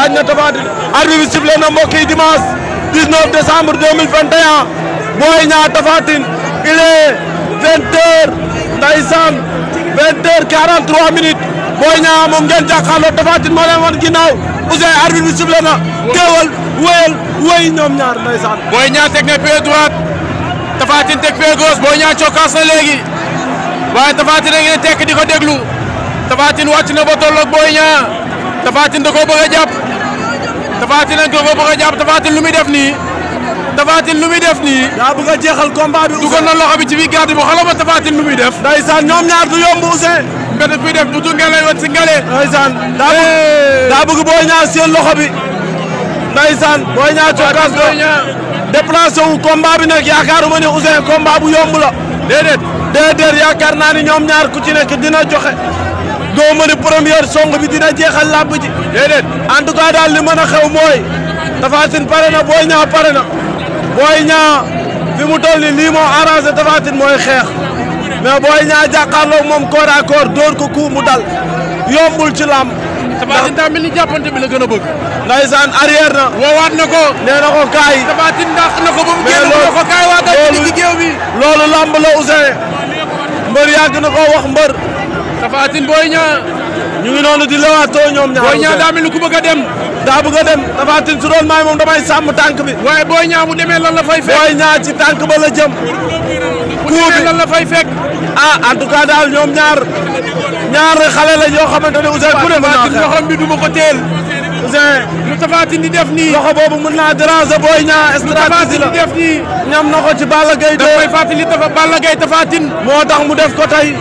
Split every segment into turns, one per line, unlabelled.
laaj na Tapha Tine arbitre bi sifflé na minutes Boy Niang moom ngeen jàkkaarloo Tapha Tine moo leen wan ginnaaw Ousseyn bi sifflé na teewal wéyal ñoom ñaar ndeysaan Boy Niang teg na pied droite Tapha Tine teg pied gauche cokkaas na léegi waaye Tapha Tine a ngi tekk di ko déglu Tapha Tine na ba tolloog Boy Niang Tapha Tine da koo bëgg a jàpp Tapha Tine lañ ko ko bëgg a jàpp Tapha Tine lu muy def nii Tapha Tine lu muy def nii. daa bëgg a jeexal combat bi. dugal na loxo bi ci biir garde bi xoolal ma Tapha Tine lu muy def. ndeysaan ñoom ñaar du yomb Ousseyn. nga def muy def bu tudd ngeen lay wër si ngale. ndeysaan daa bëgg daa bëgg booy ñaar seen loxo bi. ndeysaan booy ñaar cokkaas ko déplacé wu combat bi nag yaakaaruma ne Ousseyn combat bu yomb la. déedéet déedéet yaakaar naa ni ñoom ñaar ku ci nekk dina joxe. doo mën a première song bi dina jeexal làmb ji. déedéet en tout cas daal li mën a xew mooy Tapha Tine pare na Boy Niang pare na Boy Niang fi mu toll nii lii moo arrangé Tapha Tine mooy xeex mais Boy Niang jàkkaarloo moom corps à corps ku mu dal yombul ci làmb. Tapha Tine daa ni jàppante bi la gën a bëgg. Ndeysaan arrière na. woowaat na ko. nee na ko kaay. na ko kaay waatal loolu làmb la Ousseyn mbër yàgg na ko wax mbër. Tapha Tine Boy Niang ñu ngi noonu di ñoom ñaar Boy Niang daa mel bëgg a dem daa bëgg a dem Tapha Tine su doon maay moom damay sàmm tànk bi waaye Boy Niang bu demee lan la fay fekk aa Niang ba la jëm bu demee lan la fay fekk ah en tout cas daal ñoom ñaar ñaar xale la yoo xamante ne Ousseyn ku bi du ko teel Ousseyn lu Tapha di def nii loxo boobu mën naa déranger Boy Niang stratégie la def nii ñam na ko ci Balla Gaye dafay moo tax mu def ko tey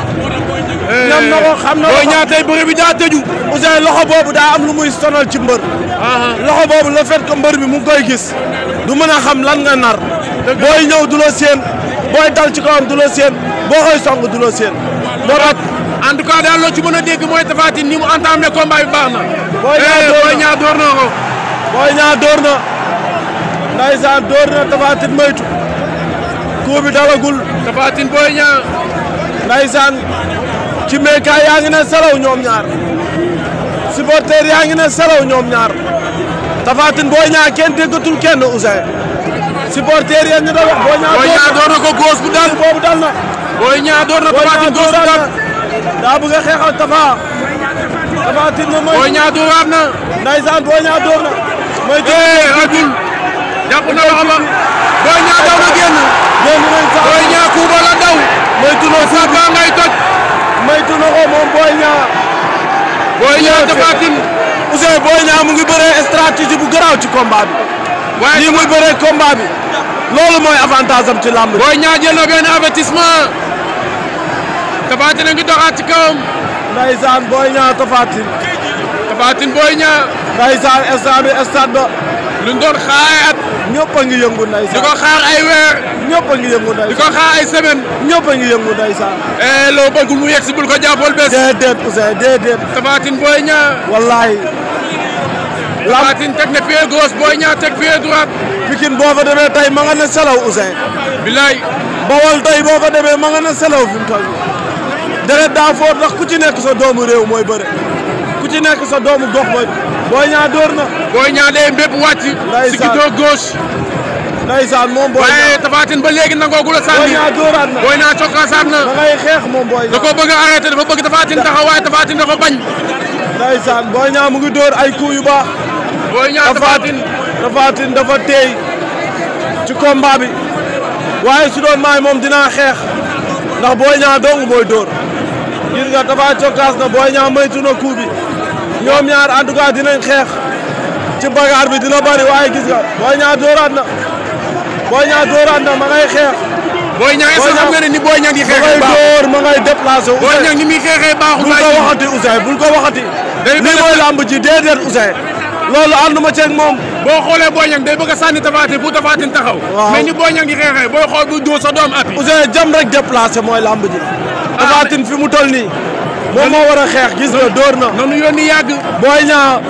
ñam na ko xam na ko booy bi daa tëju. Ousseyn loxo boobu daa am lu muy sonal ci mbër. Uh-huh. loxo boobu le fait que mbër bi mu ngi koy gis du mën a xam lan nga nar. booy ñëw du la séen booy ci kawam du la séen boo koy song du la séen. en tout daal loo ci mën a dégg mooy Tapha Tine ni mu entamé combat bi baax na. booy ñaar eh, door na ko booy ñaar door na. ndaysaan door na Tapha Tine moytu. kuu bi dalagul. Tapha Tine Cimeka yaa ngi ne selaw ñoom ñaar supporter yaa ngi ne selaw ñoom ñaar Tapha Tine Boy Niang kenn déggatul kenn Ousseyn supporter yéen ñu doon wax Boy Niang. Boy Niang doon na ko góos bu dal boobu dal na. Boy Niang doon na Tapha Tine a na. Ndeysaan Boy Niang door na. mooy jërëjëf rajul eh, jàpp daw na génn. génn nañ sax Boy Niang daw. mooy tunoo sax baa ngay toj. Niang. Boy Niang mu ngi bëree stratégie bu garaaw ci combat bi. waaye lii muy bëree combat bi. loolu mooy avantage am ci làmb bi. Boy jël na benn avertissement. Tapha a ngi doxaat ci kawam. Ndeysaan Boy Niang Tapha Tine. Tapha Tine Boy Niang. Ndeysaan stade bi ba. luñ doon xaar ay at. ñëpp a ngi yëngu ndeysaan di ko xaar ay weer. ñëpp a ngi yëngu ndeysaan di ko xaar ay ñëpp a yëngu ndeysaan. Eh, loo bëgg mu yegg si bul ko jàppal bés. déedéet Ousseyn déedéet. Tapha Tine Boy Niang. wallaay. Tapha Tine teg na pied gauche Boy Niang teg pied droite. Pikine boo fa demee tey ma nga ne selaw Ousseyn. bilaay. Bawol tey boo fa demee ma na ne selaw fi mu toll. deret daa foor ndax ku ci nekk sa doomu réew mooy bëre ku ci nekk sa doomu gox mooy. Boy ñaa door na. Boy Niang day mbépp wàcc. ndeysaan sikito waaye Tapha ba léegi nangoogu la sànni. Boy Niang dooraat na Boy Niang cokkaasaat da ngay xeex moom Boy da koo bëgg a arrêté dafa bëgg Tapha taxaw waaye Tapha dafa bañ. ndeysaan Boy mu ngi door ay coups yu baax. Boy Niang Tapha Tine Tapha Tine dafa teey ci combat waaye su doon maay moom dinaa xeex ndax Boy Niang dong mooy door ngir nga Tapha cokkaas na Boy Niang moytu na coup ñoom ñaar en tout cas dinañ xeex ci bagaar bi dina bari waaye gis nga Boy Niang dóoraat na ma ngay xeex. Boy Niang est-ce xam nga ne ni Boy Niang di xeexee baaxul ma ngay dóor ma ngay déplacé. Boy Niang bul ko waxati Ousseyn bul ko waxati. day bëgg a mooy làmb ji déedéet Ousseyn. loolu ànduma ceeg moom. boo xoolee Boy Niang day bëgg a sànni tafaatin bu tafaatin taxaw. waaw mais ni Boy Niang di xeexee booy xool bu dóor sa doom at. jam rek déplacé mooy làmb ah, tafaatin fi mu tol ni moom moo war a xeex gis nga dóor na. noonu yónni yàgg. booy ñaa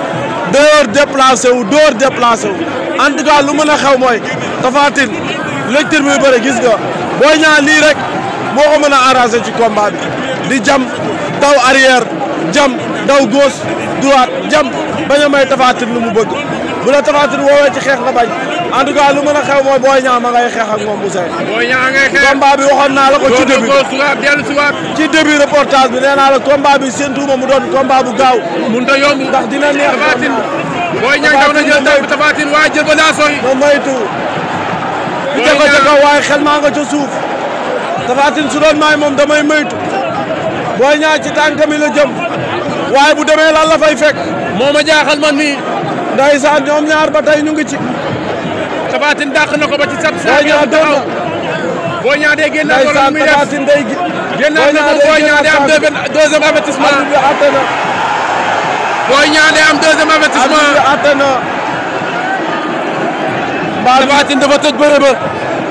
dóor déplacé wu dóor déplacé wu en tout cas lu mën a xew mooy Tapha Tine lecture bi bëri gis nga booy ñaa lii rek moo ko mën a arrangé ci combat bi di jam daw arrière jam daw gauche droite jam bañ a may Tapha mu bëgg bu la Tapha Tine woowee ci xeex nga bañ. en tout cas lu mën a xew mooy Boy Niang ma ngay xeex ak moom Ousseyn. Boy Niang bi waxoon naa la ko ci début ci début reportage bi nee la combat bi séntu ma mu doon combat bu gaaw. mun ta ndax dina neex. tabaatin Boy Niang daw na jël moom moytu. Boy Niang ko ca waaye xel maa nga ca suuf. tabaatin su doon maay moom damay moytu. Boy Niang ci tànkami la jëm. waaye bu demee lan la fay fekk. moo ma jaaxal man nii. ndeysaan ñoom ñaar ba tey ñu ngi Tapha Tine dàq na ko ba ci sat saa bi am taxaw Boy Niang day génn ko la muy def génn na ko Boy Niang day am deuxième avertissement Boy Niang day am deuxième avertissement Tapha Tine dafa tëj bëre ba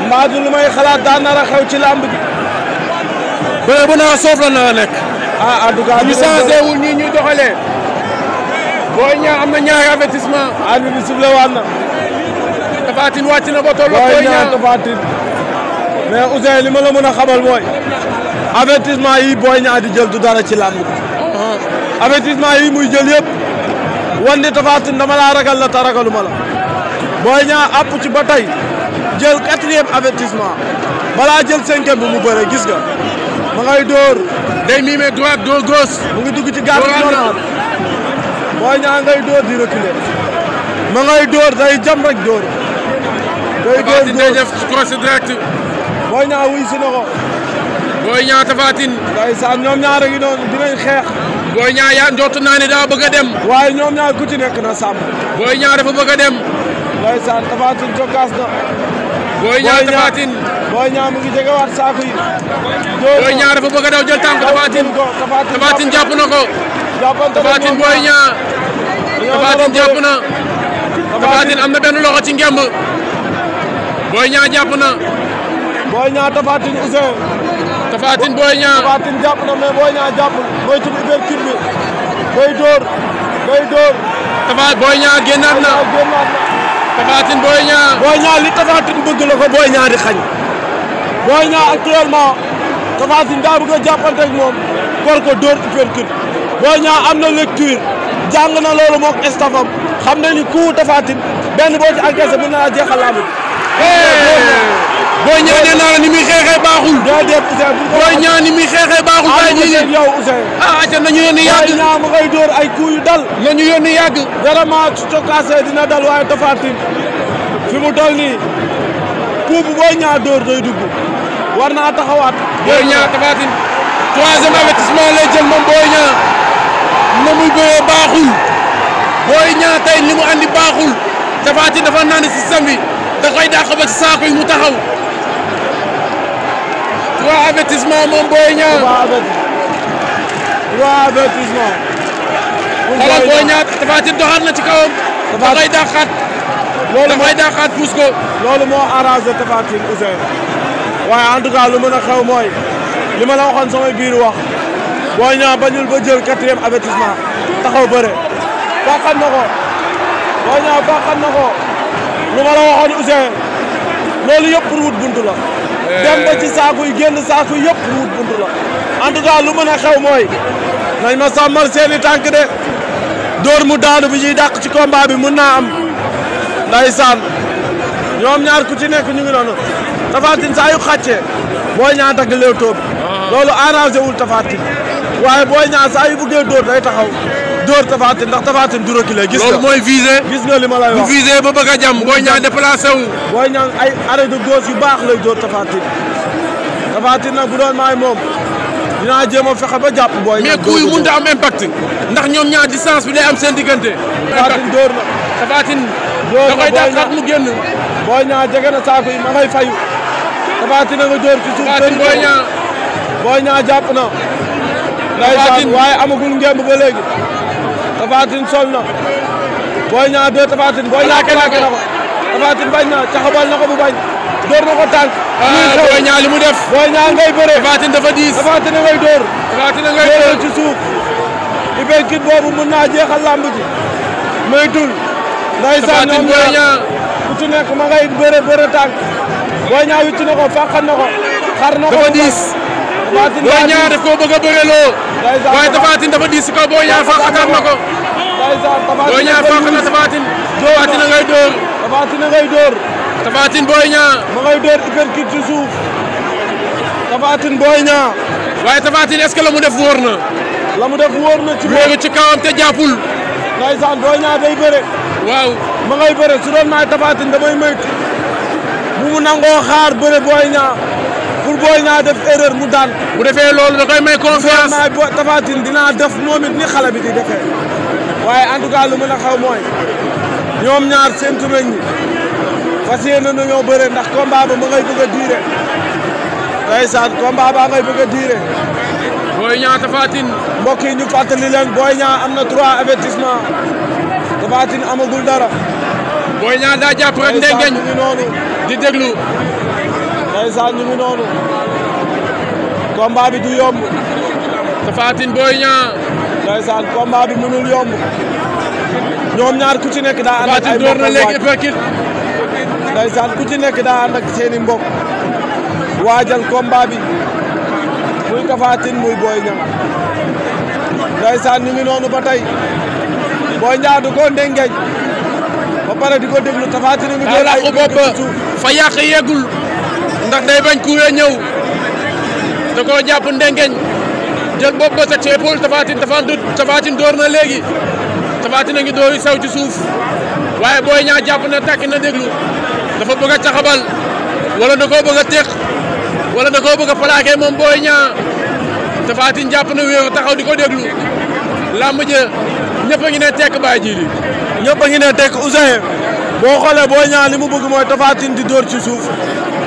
mbaa du lu may xalaat daan nar a xew ci lamb bi bëre bu naa soof la nar a nekk ah en tout cas ñu changé wul ñii ñuy doxalee Boy Niang am na ñaari avertissement arbitre bi sifflé waat na Tapha Tine wàcc na ba toll ak Boy Niang Tapha Tine mais Ouzin li ma mën a xamal mooy yi Boy Niang di jël du dara ci làmb avertissement yi muy jël yëpp wan ne Tapha Tine laa ragal la te ragaluma la Boy Niang àpp ci ba tey jël quatrième avertissement balaa jël cinquième mu bëre gis nga ma ngay dóor day miime droite dóor gauche mu ngi dugg ci garde normal Boy Niang ngay dóor di reculer ma ngay dóor day jam rek dóor Tapha Tine day def cross direct. Boy Niang wuy si na ko. Boy Niang Tapha Tine. ndeysaan ñoom ñaar a ngi noonu dinañ xeex. Boy Niang yaa njottu naa ne daa bëgg a dem. waaye ñoom ñaar ku ci nekk na sàmm. Boy Niang dafa bëgg a dem. ndeysaan Tapha Tine jokkaas na. Boy Niang Tapha Tine. Boy Niang mu ngi jegewaat saako yi. Boy Niang dafa bëgg a daw jël tànk Tapha Tine. Tapha Tine jàpp na ko. jàppante Tapha Tine Boy Niang. Tapha Tine jàpp na. Tapha Tine am na benn loxo ci ngemb. Boy Niang jàpp na. Boy Niang Tapha Tine Ouzin. Tapha Tine Boy Niang Tapha Tine jàpp na mais Boy Niang jàppul mooy ci ouverture bi day dóor day dóor. Tapha Boy Niang génnaat na Tapha Tine Boy Niang. Boy li Tapha Tine bëgg la ko Boy Niang di xañ. Boy Niang actuellement Tapha Tine daa bëgg a jàppante moom kor ko dóor ouverture Boy Niang am na lecture jàng na loolu mook estafam xam na ni ku Tapha Tine benn boo ci na la jeexal laa Boy Niang nee ni muy xeexee baaxul. déedéet Ousseyn ni muy xeexee baaxul. waaye ñu ngi yow Ousseyn. ah ayca nañu yónni yàgg. ay coups dal. nañu yónni yàgg. vraiment su dina dal waaye fi mu toll nii coup bu dugg war naa taxawaat. Boy Niang Tapha Tine troisième avertissement moom Boy Niang na muy bëree baaxul Boy Niang tey li mu andi baaxul Tapha dafa naan si système da koy dàq ba ci saako yi mu taxaw. trois avertissement moom Boy Niang. trois avertissement. xoolal Boy Niang dafa ci doxaat na ci kawam. da koy dàqaat. loolu da koy dàqaat puus ko. loolu moo arrangé Tapha Tine Ousseyn. waaye en tout cas lu mën a xew mooy. li ma la waxoon samay biir wax. Boy Niang bañul ba jël quatrième avertissement. taxaw bëre. faaxal na ko. Boy Niang faaxal na ko. lu ma la waxoon Ousseyn loolu yëpp pour wut buntu la. Eh. dem ba ci saako yi génn saako yëpp pour buntu la. en tout cas lu mën a xew mooy nañ ma sàmmal seen i tànk de dóor mu daanu bi ñuy dàq ci combat bi mën naa am ndeysaan ñoom ñaar ku ci nekk ñu ngi noonu Tapha Tine saa yu xàccee Boy Niang dagg toob ah. loolu arrangé wul Tapha Tine waaye Boy ñaan saa yu buggee dóor day taxaw. dóor Tapha ndax Tapha Tine dura ki la. gis nga loolu mooy visé. gis nga li ma lay wax bu visé ba bëgg a jàmm booy ñaan déplacé wu. booy ñaan yu baax lay dóor Tapha Tine. na Tine nag bu doon maay moom dinaa jéem a fexe ba jàpp booy. mais coup yi am impact. ndax ñoom ñaar distance bi day am seen diggante. Tapha Tine dóor na Tapha Tine. dóor na booy ñaar da koy dàqaat mu génn. booy na saako yi ma ngay fayu. Tapha ñaa jàpp na. Tapha Tine waaye amagul ngemb ba léegi. Tapha Tine sol na Boy Niang 2 Tapha Tine na caxabal na bu bañ door na ko tànk ah, Boy Niang mu def Boy Niang ngay bëre Tapha Tine dafa diis ngay door Tapha door ci suuf i beykit boobu mën naa jeexal làmb ji may tul ndeysaan ñoom ñaar ku ci nekk ma ngay bëre bëre tànk Boy Niang na ko na ko xar na ko diis Boy Niang daf koo bëgg a bëreloo waaye Tapha Tine dafa diis si kaw Boy Niang fàq ataan na ko Boy Niang fàq na Tapha Tine Tapha Tine ngay dóor Tapha Tine ngay dóor Tapha Tine Boy Niang ma ngay dóor uppercut ci suuf Tapha Tine na la mu def wóor bëre waaw ma ngay bëre su maay Tapha Tine damay mëkk mu nangoo xaar bëre Boy Niang booy naa def erreur mu daan. bu defee loolu da koy may confiance vraiment boo dinaa def moom ni xale bi di defee waaye en tout cas lu mën a xaw mooy ñoom ñaar séntu nañ ñi fas yéene nañoo bëre ndax combat ba ma ngay bëgg a diire ndeysaan combat ba ngay bëgg a diire. Boy Niang Tapha ñu fàttali leen Boy Niang am na trois avertissement Tapha Tine amagul dara. Boy ñaa daa jàpp rek ndengeñ di déglu. ndeysaan ñu ngi noonu combat bi du yomb Tapha Tine Boy Niang ndeysaan combat bi mënul yomb ñoom ñaar ku ci nekk daa ànd ku ci nekk daa ànd ak seeni mbokk waajal combat bi muy Tapha muy Boy Niang ndeysaan ñu ngi noonu ba tey du ko ndengeñ ba di ko déglu Tapha Tine ngi dóor ay ndax day bañ kuwee ñëw da koo jàpp ndengeñ jël bopp ba teg ci épaule Tapha Tine Tapha Tine door na léegi Tapha Tine a ngi dooru saw ci suuf waaye Boy Niang jàpp na tàkki na déglu dafa bëgg a caxabal wala da koo bëgg a teq wala da koo bëgg a plaqué moom Boy Niang Tapha Tine jàpp na wéeru taxaw di ko déglu làmb ja ñëpp a ngi ne tekk bàyyi ji li ñëpp boo xoolee Boy ñaa li mu bëgg mooy Tapha di dóor ci suuf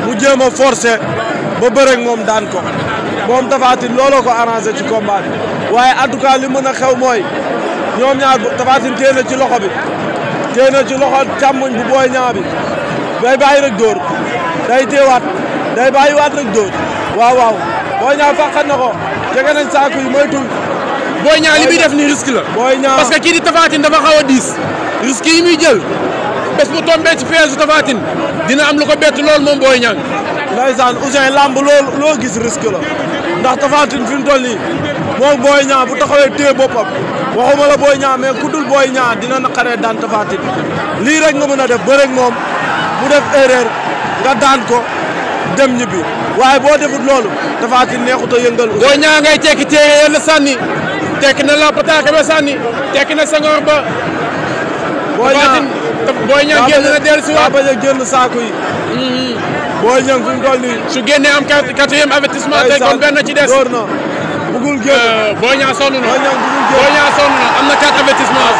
mu jéem a forcer ba bëreeg moom daan ko moom Tapha Tine ko arrangé ci combat waaye en tout cas li mën a xew mooy ñoom ñaar Tapha Tine ci loxo bi téye na ci loxo càmmoñ bu Boy Niang bi day bàyyi rek dóor day téewaat day waat rek dóor waaw waaw Boy Niang fàqat na ko jege nañ saako yi moytul. Boy Niang li muy def ni risque la. Boy ñaa parce que kii di Tapha Tine dafa xaw a diis yi muy jël. bés bu tombee ci piège Tapha Tine dina am lu ko bett lool moom Boy Niang. ndeysaan Ousseyn lamb loo loo gis risque ndax Tapha fi mu toll moom Boy Niang bu taxawee téye boppam waxuma la Boy Niang mais ku dul dina naqaree daan Tapha Tine lii rek nga mën a def bëreeg moom mu def erreur nga daan ko dem ñibbi waaye boo defut loolu Tapha neexut a yëngal. Boy Niang ngay tekki téye la sànni na la pataaka ba sànni tekki na sangoor ba. booy ñëw génn na dellusiwaat daa bañ a génn saako yi. Mm-hmm. booy ñëw fi mu toll su génnee am quatrième avertissement tey kon benn ci des. door na bugul génn. Euh, booy ñaa sonn na booy ñaa am na quatre avertissement.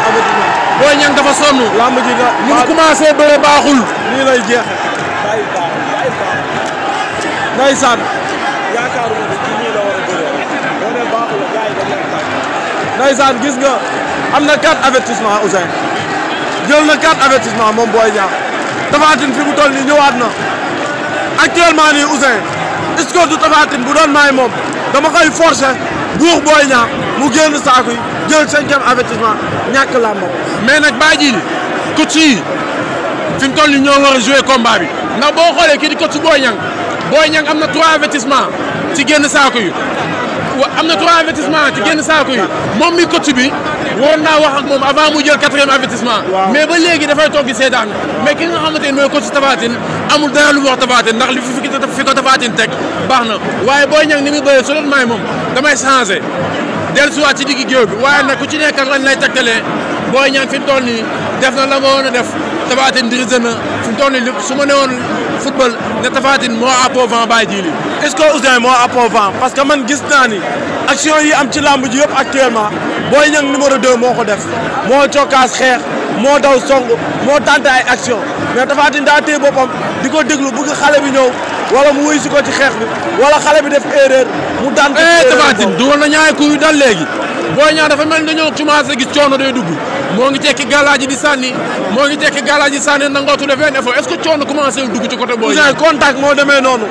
booy ñang dafa sonn. lamb ji da ñu ngi commencé baaxul. nii lay jeexee. ndeysaan. yaakaaruma gis nga am na quatre avertissement Ousseyn. jël na quatre avertissement moom Boy Niang Tapha Tine fi mu toll nii ñëwaat na actuellement ni Ousseyn score du Tapha bu doon maay moom dama koy forcer buux Boy Niang mu génn saako yi jël cinquième avertissement ñàkk làmbam mais nag baa ji coach yi fi mu toll nii ñoo war a jouer combat bi boo xoolee kii di coach Boy Niang Boy Niang am na trois avertissement ci génn saako yi am na trois avertissement ci génn saako moom mi coach bi waroon na wax ak moom avant mu jël quatrième avertissement mais ba léegi dafay toog di seetaan mais ki nga xamante ni mooy coach Tapha Tine amul dara lu mu ndax li fi fi ko Tapha Tine teg baax na waaye Boy Niang ni muy bëree su doon maay moom damay changé dellusiwaat ci diggi géew bi waaye nag ku ci nekk ak lañ lay tegtalee Boy Niang fi mu toll nii def na la ma woon a def Tapha Tine dirigé na fu lépp su ma nee woon football ne Tapha Tine moo àppoo vent bàyyi ji lii. est-ce que Ouzin gis naa ni yi am ci làmb ji yëpp actuellement Boy Niang moo ko def moo cokkaas xeex moo daw song moo tenté ay mais Tapha Tine daa téye di ko déglu bëgg xale bi ñëw wala mu wuyu si ko ci xeex wala xale bi def erreur mu daan. Eh, Tapha Tine dugal na ñaari dal léegi. Boy Niang dafa mel ni dañoo commencé gis coono day dugg moo ngi tekki gàllaaji di sànni moo ngi tekki gàllaaji di sànni nangootu def benn effort est-ce que coono commencé dugg ci côté Boy moo demee noonu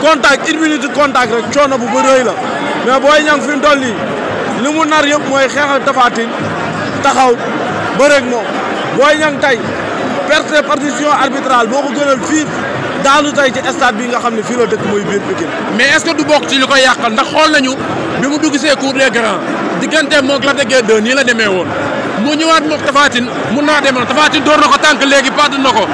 contact une minute contact rek bu bëri la mais Boy Niang fi mu nii li mu nar yëpp mooy xeexal Tapha Tine taxaw bëreeg moom Boy Niang tey perte partition arbitrale moo ko gënal fii. daanu tey ci stade bi nga xam ne fii la dëkk muy biir Pikine mais est-ce que du bokk ci li koy yàqal ndax xool nañu bi mu dugg see cour des grands digganteem moog Lac de Guiers 2 nii la demee woon mu ñëwaat moog Tapha Tine mun naa demal Tapha Tine door na ko tànk léegi pàdd na ko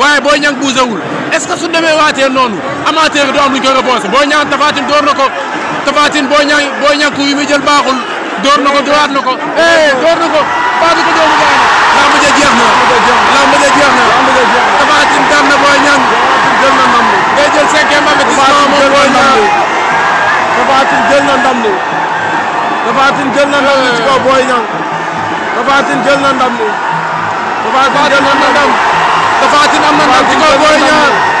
waaye Boy Niang bougéwul est-ce que su demee waatee noonu amateur du am lu ñu koy reposé Boy Niang Tapha door na ko Tapha Tine Boy Niang Boy Niang coup yi jël baaxul door na ko doraat na ko eh door na ko pàdd ko doomu daal na lamb ja jeex na Tapha Tine daan na Boy Niang na Tapha Tine jël na ndam li Tapha Tine jël na ndam li ci kaw Boy Niang Tapha Tine jël na ndam li Tapha Tine jël na ndam Tapha Tine am na ndam ci kaw Boy Niang